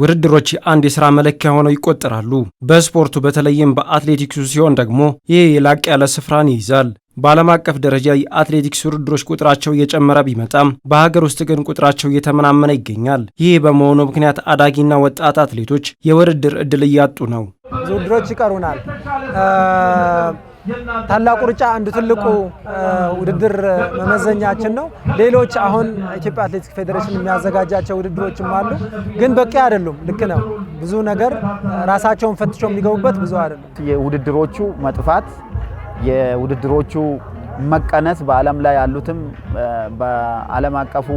ውድድሮች አንድ የስራ መለኪያ ሆነው ይቆጠራሉ። በስፖርቱ በተለይም በአትሌቲክሱ ሲሆን ደግሞ ይህ የላቅ ያለ ስፍራን ይይዛል። በዓለም አቀፍ ደረጃ የአትሌቲክስ ውድድሮች ቁጥራቸው እየጨመረ ቢመጣም በሀገር ውስጥ ግን ቁጥራቸው እየተመናመነ ይገኛል። ይህ በመሆኑ ምክንያት አዳጊና ወጣት አትሌቶች የውድድር እድል እያጡ ነው። ውድድሮች ይቀሩናል። ታላቁ ሩጫ አንዱ ትልቁ ውድድር መመዘኛችን ነው። ሌሎች አሁን ኢትዮጵያ አትሌቲክስ ፌዴሬሽን የሚያዘጋጃቸው ውድድሮችም አሉ፣ ግን በቂ አይደሉም። ልክ ነው። ብዙ ነገር ራሳቸውን ፈትሾ የሚገቡበት ብዙ አይደሉም። የውድድሮቹ መጥፋት፣ የውድድሮቹ መቀነስ በዓለም ላይ ያሉትም በዓለም አቀፉ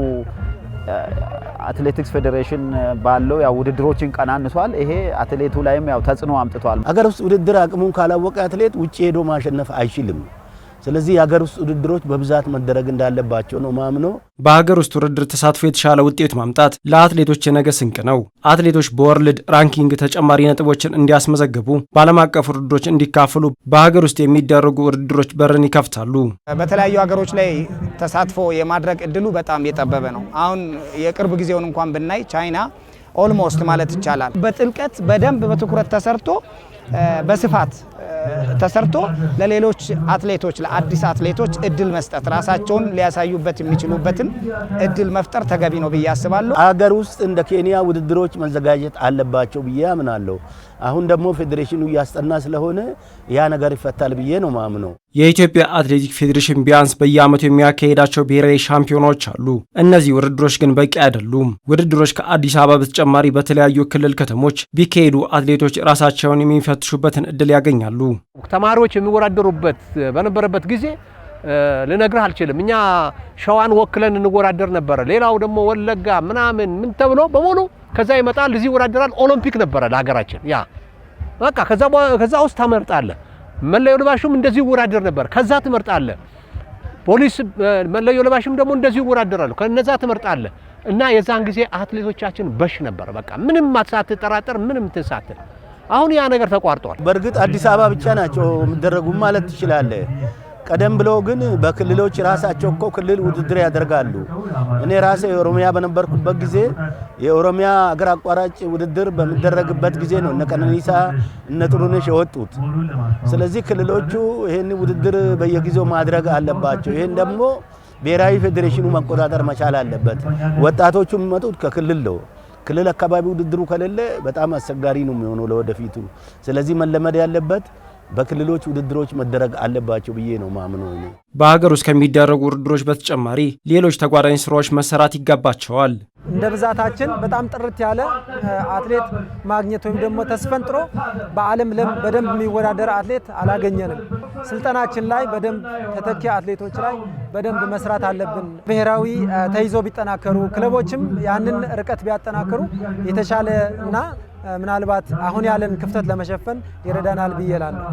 አትሌቲክስ ፌዴሬሽን ባለው ያው ውድድሮችን ቀናንሷል። ይሄ አትሌቱ ላይም ያው ተጽዕኖ አምጥቷል። አገር ውስጥ ውድድር አቅሙን ካላወቀ አትሌት ውጭ ሄዶ ማሸነፍ አይችልም። ስለዚህ የሀገር ውስጥ ውድድሮች በብዛት መደረግ እንዳለባቸው ነው ማምኖ። በሀገር ውስጥ ውድድር ተሳትፎ የተሻለ ውጤት ማምጣት ለአትሌቶች የነገ ስንቅ ነው። አትሌቶች በወርልድ ራንኪንግ ተጨማሪ ነጥቦችን እንዲያስመዘግቡ፣ በዓለም አቀፍ ውድድሮች እንዲካፈሉ በሀገር ውስጥ የሚደረጉ ውድድሮች በርን ይከፍታሉ። በተለያዩ ሀገሮች ላይ ተሳትፎ የማድረግ እድሉ በጣም የጠበበ ነው። አሁን የቅርብ ጊዜውን እንኳን ብናይ ቻይና ኦልሞስት ማለት ይቻላል በጥልቀት በደንብ በትኩረት ተሰርቶ በስፋት ተሰርቶ ለሌሎች አትሌቶች ለአዲስ አትሌቶች እድል መስጠት ራሳቸውን ሊያሳዩበት የሚችሉበትን እድል መፍጠር ተገቢ ነው ብዬ አስባለሁ። አገር ውስጥ እንደ ኬንያ ውድድሮች መዘጋጀት አለባቸው ብዬ አምናለሁ። አሁን ደግሞ ፌዴሬሽኑ እያስጠና ስለሆነ ያ ነገር ይፈታል ብዬ ነው ማምነው። የኢትዮጵያ አትሌቲክ ፌዴሬሽን ቢያንስ በየዓመቱ የሚያካሄዳቸው ብሔራዊ ሻምፒዮናዎች አሉ። እነዚህ ውድድሮች ግን በቂ አይደሉም። ውድድሮች ከአዲስ አበባ በተጨማሪ በተለያዩ ክልል ከተሞች ቢካሄዱ አትሌቶች ራሳቸውን የሚፈትሹበትን እድል ያገኛሉ። ተማሪዎች የሚወዳደሩበት በነበረበት ጊዜ ልነግርህ አልችልም። እኛ ሸዋን ወክለን እንወዳደር ነበረ። ሌላው ደግሞ ወለጋ ምናምን ምን ተብሎ በሙሉ ከዛ ይመጣል እዚህ ይወዳደራል። ኦሎምፒክ ነበረ ለሀገራችን ያ በቃ ከዛ ውስጥ ታመርጣለህ። መለዮ ልባሹም እንደዚህ ይወዳደር ነበር። ከዛ ትመርጣለህ። ፖሊስ መለዮ ልባሽም ደግሞ እንደዚህ ይወዳደራሉ። ከነዛ ትመርጣለህ። እና የዛን ጊዜ አትሌቶቻችን በሽ ነበር። በቃ ምንም ሳትጠራጠር ምንም ትንሳትል አሁን ያ ነገር ተቋርጧል። በእርግጥ አዲስ አበባ ብቻ ናቸው የሚደረጉ ማለት ትችላለህ። ቀደም ብሎ ግን በክልሎች ራሳቸው እኮ ክልል ውድድር ያደርጋሉ። እኔ ራሴ የኦሮሚያ በነበርኩበት ጊዜ የኦሮሚያ አገር አቋራጭ ውድድር በሚደረግበት ጊዜ ነው እነ ቀነኒሳ እነ ጥሩነሽ የወጡት። ስለዚህ ክልሎቹ ይህን ውድድር በየጊዜው ማድረግ አለባቸው። ይህን ደግሞ ብሔራዊ ፌዴሬሽኑ መቆጣጠር መቻል አለበት። ወጣቶቹ የሚመጡት ከክልል ነው። ክልል አካባቢ ውድድሩ ከሌለ በጣም አስቸጋሪ ነው የሚሆነው ለወደፊቱ። ስለዚህ መለመድ ያለበት በክልሎች ውድድሮች መደረግ አለባቸው ብዬ ነው ማምኖ። በሀገር ውስጥ ከሚደረጉ ውድድሮች በተጨማሪ ሌሎች ተጓዳኝ ስራዎች መሰራት ይገባቸዋል። እንደ ብዛታችን በጣም ጥርት ያለ አትሌት ማግኘት ወይም ደግሞ ተስፈንጥሮ በዓለም ለም በደንብ የሚወዳደር አትሌት አላገኘንም። ስልጠናችን ላይ በደንብ ተተኪ አትሌቶች ላይ በደንብ መስራት አለብን። ብሔራዊ ተይዞ ቢጠናከሩ፣ ክለቦችም ያንን ርቀት ቢያጠናክሩ የተሻለ እና ምናልባት አሁን ያለን ክፍተት ለመሸፈን ይረዳናል ብዬ እላለሁ።